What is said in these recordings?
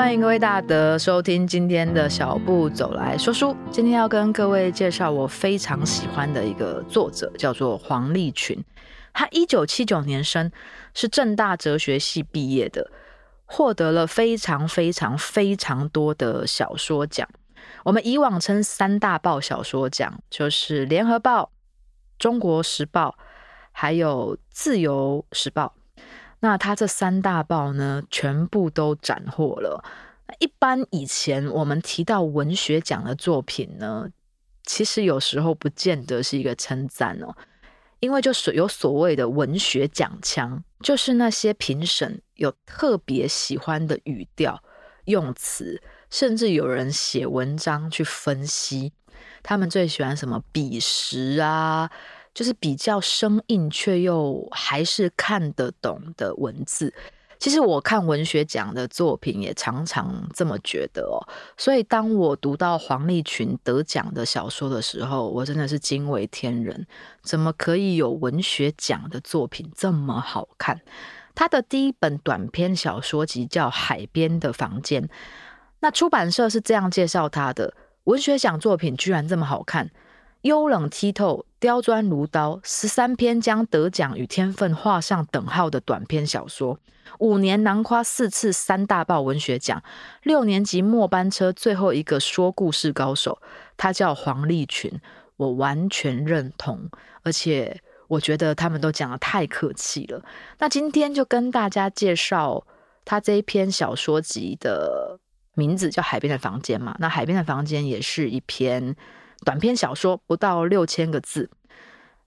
歡迎各位大德收聽今天的小步走來說書。今天要跟各位介紹我非常喜歡的一個作者，叫做黃麗群。他一九七九年生，是政大哲學系畢業的，獲得了非常非常非常多的小說獎。我們以往稱三大報小說獎，就是聯合報、中國時報，還有自由時報。那他這三大報呢，全部都斬獲了。一般以前我們提到文學獎的作品呢，其實有時候不見得是一個稱讚哦，因為就所有所謂的文學獎腔，就是那些評審有特別喜歡的語調、用詞，甚至有人寫文章去分析，他們最喜歡什麼筆石啊。就是比較生硬卻又還是看得懂的文字。其實我看文學獎的作品也常常這麼覺得哦。所以當我讀到黃麗群得獎的小說的時候，我真的是驚為天人，怎麼可以有文學獎的作品這麼好看？他的第一本短篇小說集叫《海邊的房間》，那出版社是這樣介紹他的：文學獎作品居然這麼好看。幽冷剔透，刁鑽如刀。十三篇將得獎與天分畫上等號的短篇小說，五年囊括四次三大報文學獎。六年級末班車最後一個說故事高手，他叫黃麗群。我完全認同，而且我覺得他們都講得太客氣了。那今天就跟大家介紹他這一篇小說集的名字叫《海邊的房間》嘛。那《海邊的房間》也是一篇，短篇小說不到六千個字。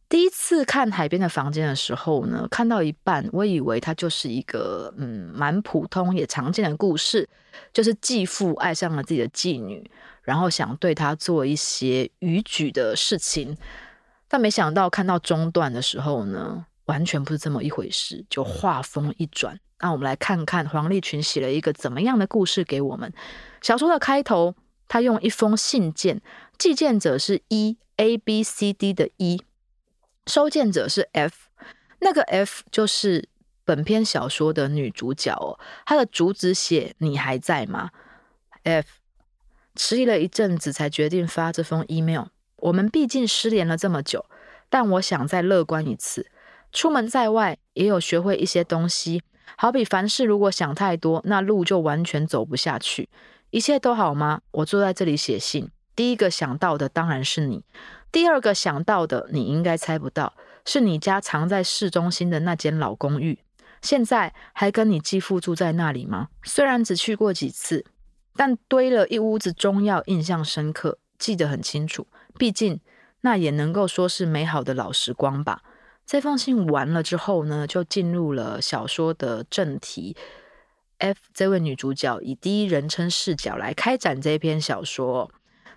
第一次看《海邊的房間》的時候呢，看到一半，我以為它就是一個嗯蠻普通也常見的故事，就是繼父愛上了自己的繼女，然後想對她做一些逾矩的事情。但沒想到看到中段的時候呢，完全不是這麼一回事，就畫風一轉。那我們來看看黃麗群寫了一個怎麼樣的故事給我們。小說的開頭，他用一封信件。寄件者是 E A B C D 的 E，收件者是 F，那個 F 就是本篇小說的女主角哦。她的主旨寫你還在嗎？F 遲疑了一陣子，才決定發這封 email。我們畢竟失聯了這麼久，但我想再樂觀一次。出門在外也有學會一些東西，好比凡事如果想太多，那路就完全走不下去。一切都好嗎？我坐在這裡寫信。第一個想到的當然是你，第二個想到的你應該猜不到，是你家藏在市中心的那間老公寓。現在還跟你繼父住在那裡嗎？雖然只去過幾次，但堆了一屋子中藥，印象深刻，記得很清楚。畢竟那也能夠說是美好的老時光吧。這封信完了之後呢，就進入了小說的正題。F 這位女主角以第一人稱視角來開展這篇小說。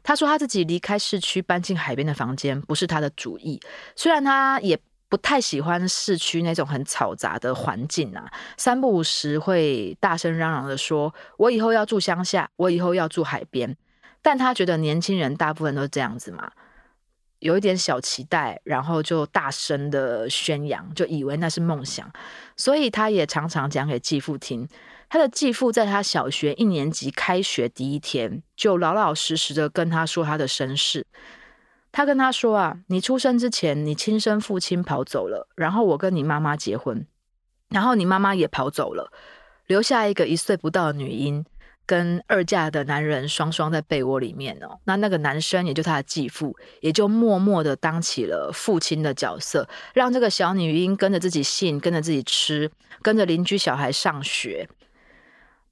他說他自己離開市區，搬進海邊的房間，不是他的主意，雖然他也不太喜歡市區那種很吵雜的環境啊，三不五時會大聲嚷嚷的說：“我以後要住鄉下，我以後要住海邊。”但他覺得年輕人大部分都是這樣子嘛，有一點小期待，然後就大聲的宣揚，就以為那是夢想，所以他也常常講給繼父聽。他的繼父在他小學一年級開學第一天，就老老實實的跟他說他的身世。他跟他說啊，你出生之前，你親生父親跑走了，然後我跟你媽媽結婚，然後你媽媽也跑走了，留下一個一歲不到的女嬰跟二嫁的男人雙雙在被窩裡面哦。那那個男生，也就他的繼父，也就默默的當起了父親的角色，讓這個小女嬰跟着自己姓，跟着自己吃，跟着鄰居小孩上學。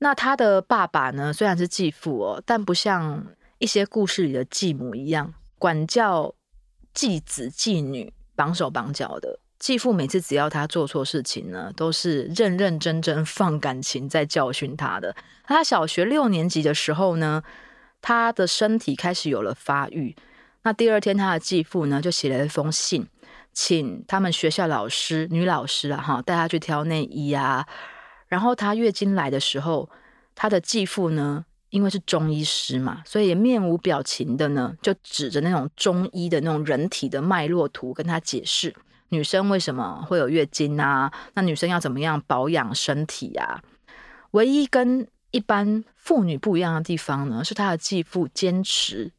那他的爸爸呢？雖然是繼父哦，但不像一些故事裡的繼母一樣管教繼子繼女綁手綁腳的。繼父每次只要他做錯事情呢，都是認認真真放感情在教訓他的。他小學六年級的時候呢，他的身體開始有了發育。那第二天，他的繼父呢就寫了一封信，請他們學校老師、女老師啊哈帶他去挑內衣啊。然後她月經來的時候，她的繼父呢，因為是中醫師嘛，所以面無表情的呢，就指着那種中醫的那種人體的脈絡圖跟她解釋女生為什麼會有月經啊，那女生要怎麼樣保養身體呀、啊，唯一跟一般婦女不一樣的地方呢，是她的繼父堅持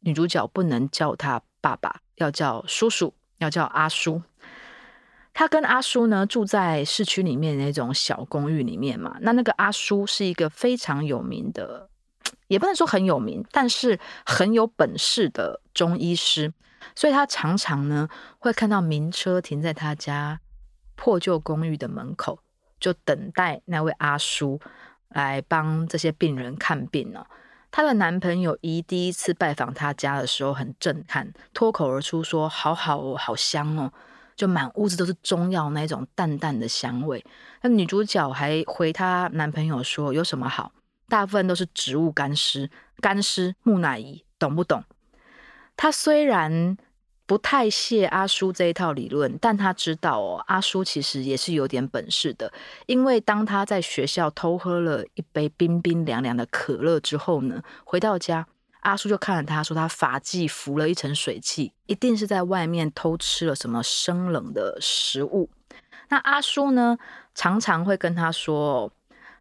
女主角不能叫她爸爸，要叫叔叔，要叫阿叔。他跟阿叔呢住在市區裡面那種小公寓裡面嘛，那那個阿叔是一個非常有名的，也不能說很有名，但是很有本事的中醫師，所以他常常呢會看到名車停在他家破舊公寓的門口，就等待那位阿叔來幫這些病人看病了啊。她的男朋友一第一次拜訪他家的時候，很震撼，脫口而出說：“好好哦，好香哦。”就滿屋子都是中藥那種淡淡的香味，那女主角還回她男朋友說有什麼好？大部分都是植物乾屍、乾屍木乃伊，懂不懂？她雖然不太屑阿叔這一套理論，但她知道哦，阿叔其實也是有點本事的，因為當她在學校偷喝了一杯冰冰涼涼的可樂之後呢，回到家。阿叔就看了，他說：“他髮髻浮了一層水汽，一定是在外面偷吃了什麼生冷的食物。”那阿叔呢，常常會跟他說：“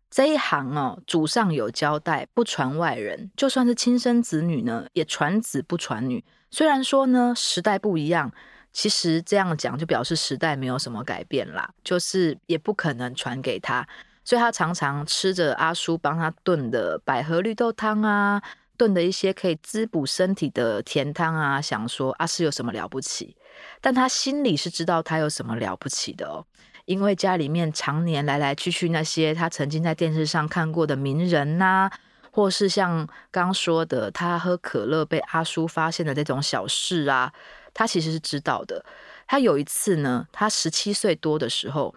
這一行哦，祖上有交代，不傳外人，就算是親生子女呢，也傳子不傳女。雖然說呢，時代不一樣，其實這樣講就表示時代沒有什麼改變啦，就是也不可能傳給他。所以他常常吃着阿叔幫他燉的百合綠豆湯啊。”燉的一些可以滋補身體的甜湯啊，想說阿叔是有什麼了不起？但他心裡是知道他有什麼了不起的哦，因為家裡面常年來來去去那些他曾經在電視上看過的名人啊，或是像剛剛說的他喝可樂被阿叔發現的這種小事啊，他其實是知道的。他有一次呢，他十七歲多的時候，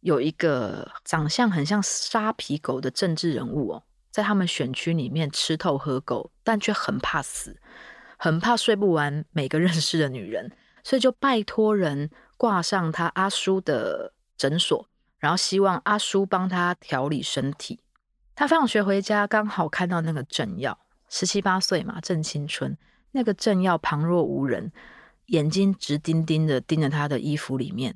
有一個長相很像沙皮狗的政治人物哦。在他們選區裡面吃透喝夠，但卻很怕死，很怕睡不完每個認識的女人，所以就拜托人掛上他阿叔的診所，然後希望阿叔幫他調理身體。他放學回家剛好看到那個政要，十七八歲嘛，正青春。那個政要旁若無人，眼睛直盯盯的盯着他的衣服裡面，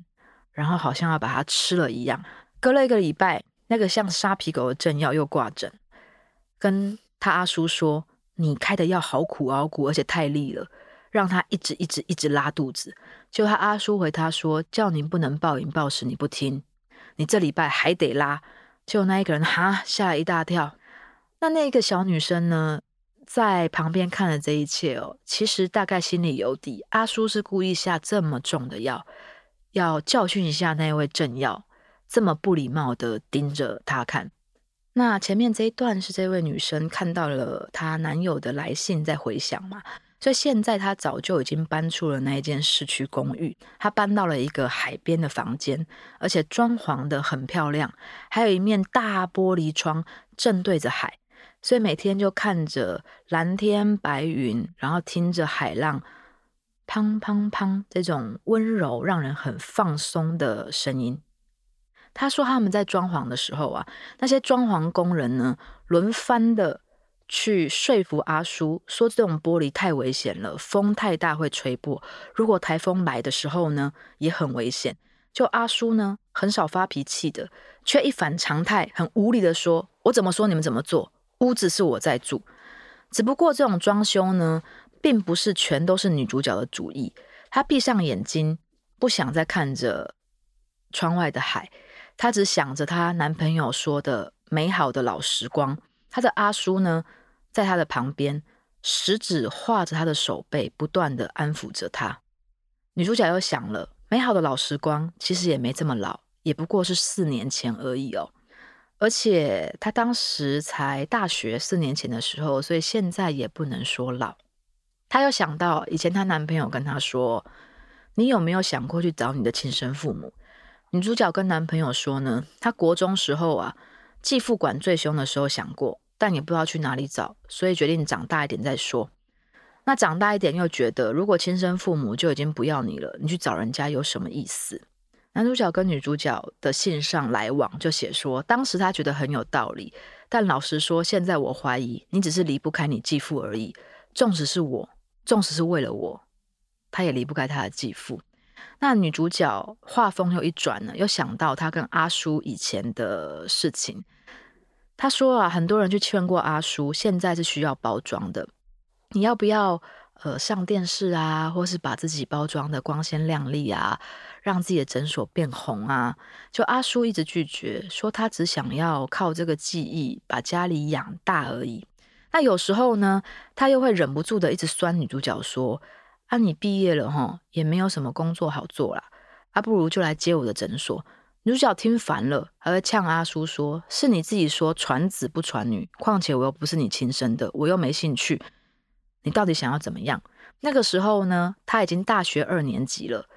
然後好像要把它吃了一樣。隔了一個禮拜，那個像沙皮狗的政要又掛診。跟他阿叔說：“你開的藥好苦，好苦，而且太厲了，讓他一直一直一直拉肚子。”就他阿叔回他說：“叫您不能暴飲暴食，你不聽，你這禮拜還得拉。”就那一個人哈嚇了一大跳。那那個小女生呢，在旁邊看了這一切哦，其實大概心裡有底，阿叔是故意下這麼重的藥，要教訓一下那位政要，這麼不禮貌的盯着他看。那前面這一段是這位女生看到了她男友的來信，在回想嘛，所以現在她早就已經搬出了那一間市區公寓，她搬到了一個海邊的房間，而且裝潢的很漂亮，還有一面大玻璃窗，正對着海，所以每天就看着藍天白雲，然後聽着海浪砰砰砰這種溫柔、讓人很放鬆的聲音。他說：“他們在裝潢的時候啊，那些裝潢工人呢，輪番的去說服阿叔，說這種玻璃太危險了，風太大會吹破。如果台風來的時候呢，也很危險。就阿叔呢，很少發脾氣的，卻一反常態，很無理的說：‘我怎麼說你們怎麼做？’屋子是我在住，只不過這種裝修呢，並不是全都是女主角的主意。她閉上眼睛，不想再看着窗外的海。”她只想着她男朋友說的美好的老時光，她的阿叔呢，在她的旁邊，食指畫着她的手背，不斷的安撫着她。女主角又想了，美好的老時光其實也沒這麼老，也不過是四年前而已哦。而且她當時才大學四年前的時候，所以現在也不能說老。她又想到以前她男朋友跟她說，你有沒有想過去找你的親生父母？女主角跟男朋友說呢，她國中時候啊，繼父管最凶的時候想過，但也不知道去哪裡找，所以決定長大一點再說。那長大一點又覺得，如果親生父母就已經不要你了，你去找人家有什麼意思？男主角跟女主角的信上來往就寫說，當時他覺得很有道理，但老實說，現在我懷疑你只是離不開你繼父而已。縱使是我，縱使是為了我，他也離不開他的繼父。那女主角畫風又一轉呢，又想到她跟阿叔以前的事情。她說啊，很多人去勸過阿叔，現在是需要包裝的，你要不要呃上電視啊，或是把自己包裝的光鮮亮麗啊，讓自己的診所變紅啊？就阿叔一直拒絕，說他只想要靠這個技藝把家裡養大而已。那有時候呢，他又會忍不住的一直酸女主角說，那、啊、你畢業了哈，也沒有什麼工作好做啦。阿、啊、不如就來接我的診所。女主角聽煩了，還會嗆阿叔說：“是你自己說傳子不傳女，況且我又不是你親生的，我又沒興趣，你到底想要怎麼樣？”那個時候呢，她已經大學二年級了，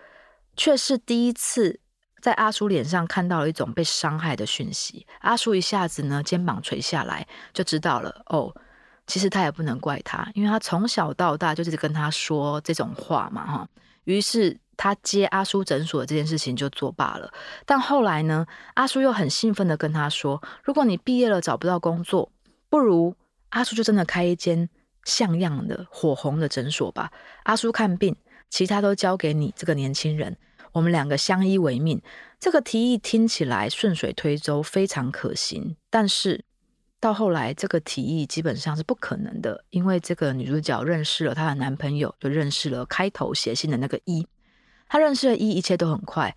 卻是第一次在阿叔臉上看到了一種被傷害的訊息。阿叔一下子呢，肩膀垂下來，就知道了哦。其實他也不能怪他，因為他從小到大就是跟他說這種話嘛，哈。於是他接阿叔診所的這件事情就作罷了。但後來呢，阿叔又很興奮的跟他說：“如果你畢業了找不到工作，不如阿叔就真的開一間像樣的火紅的診所吧。阿叔看病，其他都交給你這個年輕人。我們兩個相依為命。”這個提議聽起來順水推舟，非常可行。但是。到後來，這個提議基本上是不可能的，因為這個女主角認識了她的男朋友，就認識了開頭寫信的那個一。她認識了一，一切都很快，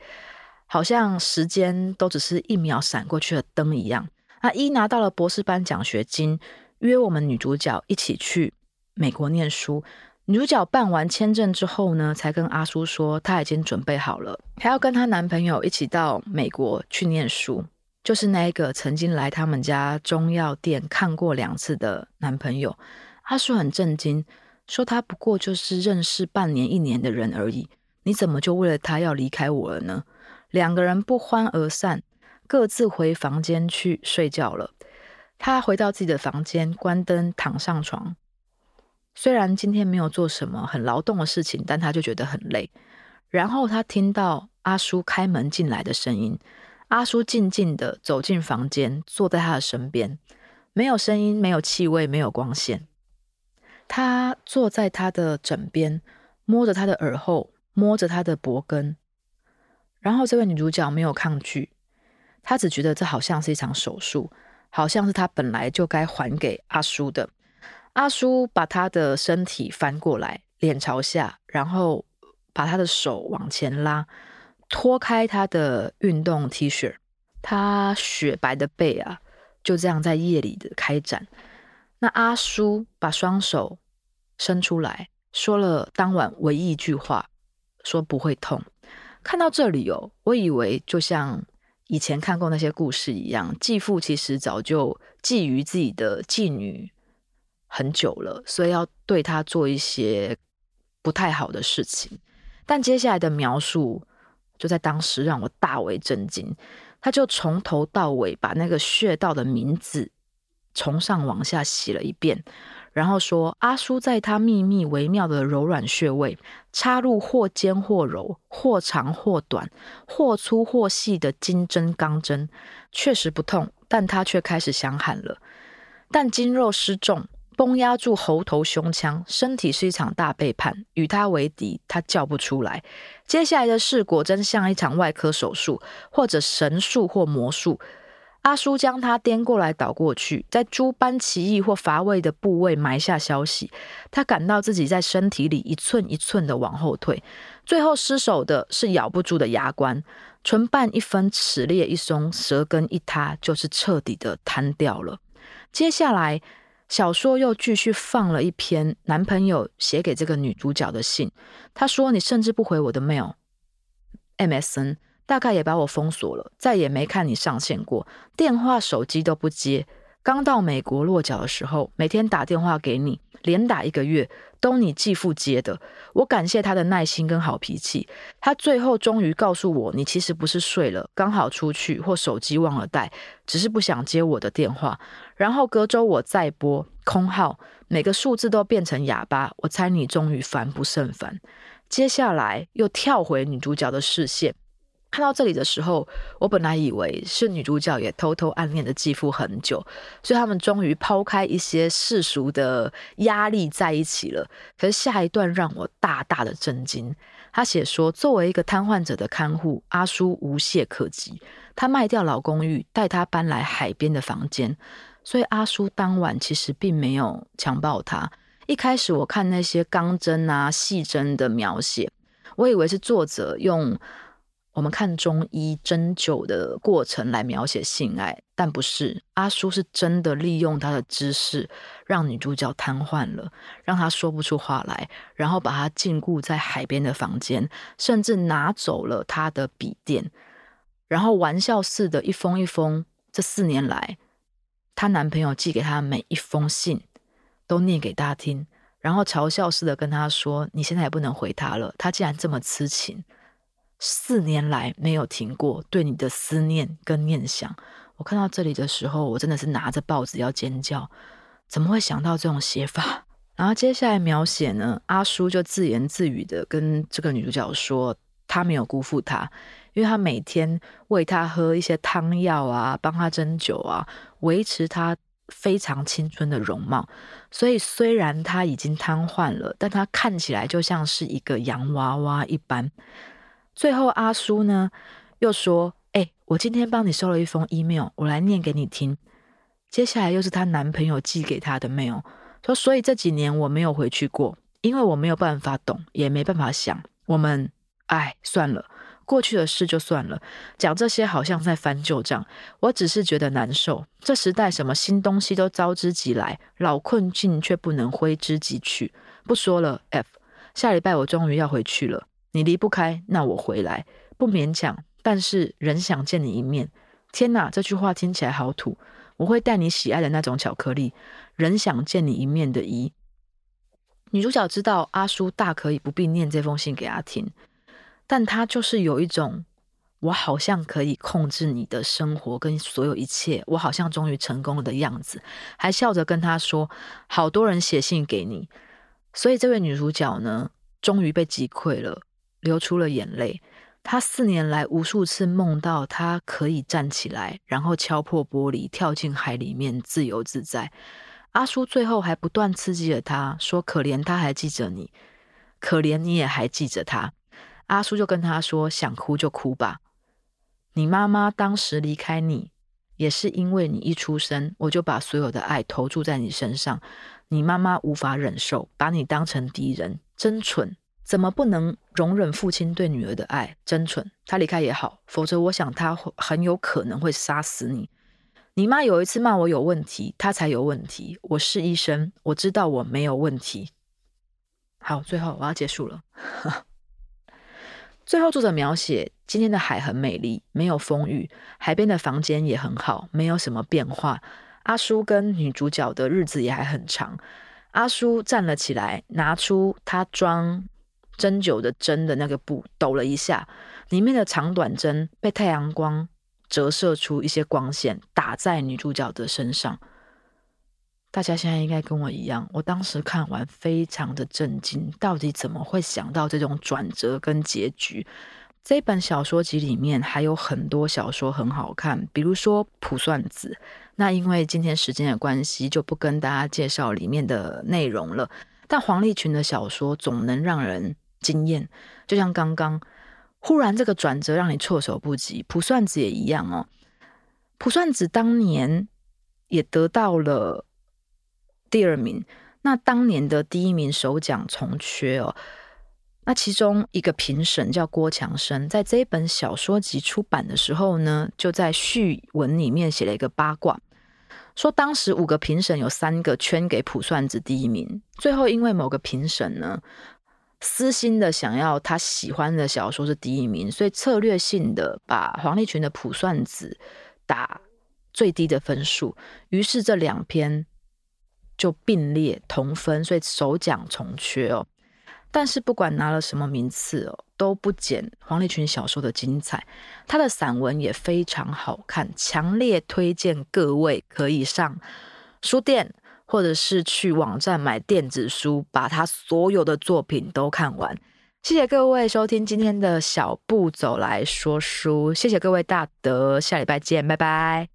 好像時間都只是一秒閃過去的燈一樣。那一拿到了博士班獎學金，約我們女主角一起去美國念書。女主角辦完簽證之後呢，才跟阿蘇說，她已經準備好了，她要跟她男朋友一起到美國去念書。就是那一個曾經來他們家中藥店看過兩次的男朋友，阿叔很震驚，說他不過就是認識半年一年的人而已，你怎麼就為了他要離開我了呢？兩個人不歡而散，各自回房間去睡覺了。他回到自己的房間，關燈躺上床。雖然今天沒有做什麼很勞動的事情，但他就覺得很累。然後他聽到阿叔開門進來的聲音。阿叔靜靜的走進房間，坐在他的身邊，沒有聲音，沒有氣味，沒有光線。他坐在他的枕邊，摸着他的耳後，摸着他的脖根。然後這位女主角沒有抗拒，她只覺得這好像是一場手術，好像是她本來就該還給阿叔的。阿叔把她的身體翻過來，臉朝下，然後把她的手往前拉。脫開他的運動 T 恤，他雪白的背啊，就這樣在夜裡的開展。那阿叔把雙手伸出來，說了當晚唯一一句話：說不會痛。看到這裡哦，我以為就像以前看過那些故事一樣，繼父其實早就覬覦自己的繼女很久了，所以要對他做一些不太好的事情。但接下來的描述。就在當時讓我大為震驚，他就從頭到尾把那個穴道的名字從上往下寫了一遍，然後說：“阿叔在他祕密微妙的柔軟穴位插入或尖或柔、或長或短、或粗或細的金針鋼針，確實不痛，但他卻開始想喊了，但筋肉失重。”繃壓住喉頭、胸腔，身體是一場大背叛。與他為敵，他叫不出來。接下來的事果真像一場外科手術，或者神術，或魔術。阿叔將他顛過來、倒過去，在諸般奇異或乏味的部位埋下消息。他感到自己在身體裡一寸一寸的往後退，最後失手的是咬不住的牙關，唇瓣一分，齒裂一鬆，舌根一塌，就是徹底的癱掉了。接下來。小說又繼續放了一篇男朋友寫給這個女主角的信。他說：“你甚至不回我的 mail，MSN，大概也把我封鎖了，再也沒看你上線過。電話、手機都不接。剛到美國落腳的時候，每天打電話給你，連打一個月，都你繼父接的。我感謝他的耐心跟好脾氣。他最後終於告訴我，你其實不是睡了，剛好出去或手機忘了帶，只是不想接我的電話。”然後隔周我再撥空號，每個數字都變成啞巴。我猜你終於煩不勝煩。接下來又跳回女主角的視線，看到這裡的時候，我本來以為是女主角也偷偷暗戀的繼父很久，所以他們終於拋開一些世俗的壓力在一起了。可是下一段讓我大大的震驚，他寫說，作為一個癱瘓者的看護，阿叔無懈可擊。他賣掉老公寓，帶他搬來海邊的房間。所以阿叔當晚其實並沒有強暴她。一開始我看那些鋼針啊、細針的描寫，我以為是作者用我們看中醫針灸的過程來描寫性愛，但不是。阿叔是真的利用他的知識讓女主角癱瘓了，讓她說不出話來，然後把她禁錮在海邊的房間，甚至拿走了她的筆電，然後玩笑似的一封一封，這四年來。她男朋友寄給她的每一封信，都念給她聽，然後嘲笑似的跟她說：“你現在也不能回他了。他竟然這麼痴情，四年來沒有停過對你的思念跟念想。”我看到這裡的時候，我真的是拿着報紙要尖叫，怎麼會想到這種寫法？然後接下來描寫呢，阿叔就自言自語的跟這個女主角說。他沒有辜負他，因為他每天餵他喝一些湯藥啊，幫他針灸啊，維持他非常青春的容貌。所以雖然他已經癱瘓了，但他看起來就像是一個洋娃娃一般。最後阿叔呢又說：“哎、欸，我今天幫你收了一封 email，我來念給你聽。接下來又是她男朋友寄給她的 mail，說：所以這幾年我沒有回去過，因為我沒有辦法懂，也沒辦法想我們。”哎，算了，過去的事就算了。講這些好像在翻舊賬，我只是覺得難受。這時代什麼新東西都招之即來，老困境卻不能揮之即去。不說了，F。下禮拜我終於要回去了，你離不開，那我回來不勉強，但是人想見你一面。天哪，這句話聽起來好土。我會帶你喜愛的那種巧克力，人想見你一面的一。女主角知道阿叔大可以不必念這封信給阿婷。但他就是有一種，我好像可以控制你的生活跟所有一切，我好像終於成功了的樣子，還笑着跟他說：“好多人寫信給你。”所以這位女主角呢，終於被擊潰了，流出了眼淚。她四年來無數次夢到她可以站起來，然後敲破玻璃，跳進海裡面，自由自在。阿叔最後還不斷刺激着她，說：“可憐，他還記着你；可憐，你也還記着他。”阿叔就跟他說：“想哭就哭吧，你媽媽當時離開你，也是因為你一出生，我就把所有的愛投注在你身上。你媽媽無法忍受，把你當成敵人，真蠢！怎麼不能容忍父親對女兒的愛？真蠢！他離開也好，否則我想他很有可能會殺死你。你媽有一次罵我有問題，她才有問題。我是醫生，我知道我沒有問題。好，最後我要結束了。 ”最後，作者描寫今天的海很美麗，沒有風雨，海邊的房間也很好，沒有什麼變化。阿叔跟女主角的日子也還很長。阿叔站了起來，拿出他裝針灸的針的那個布，抖了一下，裡面的長短針被太陽光折射出一些光線，打在女主角的身上。大家現在應該跟我一樣，我當時看完非常的震驚，到底怎麼會想到這種轉折跟結局？這本小說集裡面還有很多小說很好看，比如說《卜算子》，那因為今天時間的關係，就不跟大家介紹裡面的內容了。但黃麗群的小說總能讓人驚艷，就像剛剛，忽然這個轉折讓你措手不及，《卜算子》也一樣哦。《卜算子》當年也得到了。第二名，那當年的第一名首獎從缺哦。那其中一個評審叫郭強生，在這一本小說集出版的時候呢，就在序文裡面寫了一個八卦，說當時五個評審有三個圈給卜算子第一名，最後因為某個評審呢，私心的想要他喜歡的小說是第一名，所以策略性的把黃麗群的卜算子打最低的分數，於是這兩篇。就並列同分，所以首獎從缺哦。但是不管拿了什麼名次哦，都不減黃麗群小說的精彩。他的散文也非常好看，強烈推薦各位可以上書店或者是去網站買電子書，把他所有的作品都看完。謝謝各位收聽今天的小步走來說書，謝謝各位大德，下禮拜見，拜拜。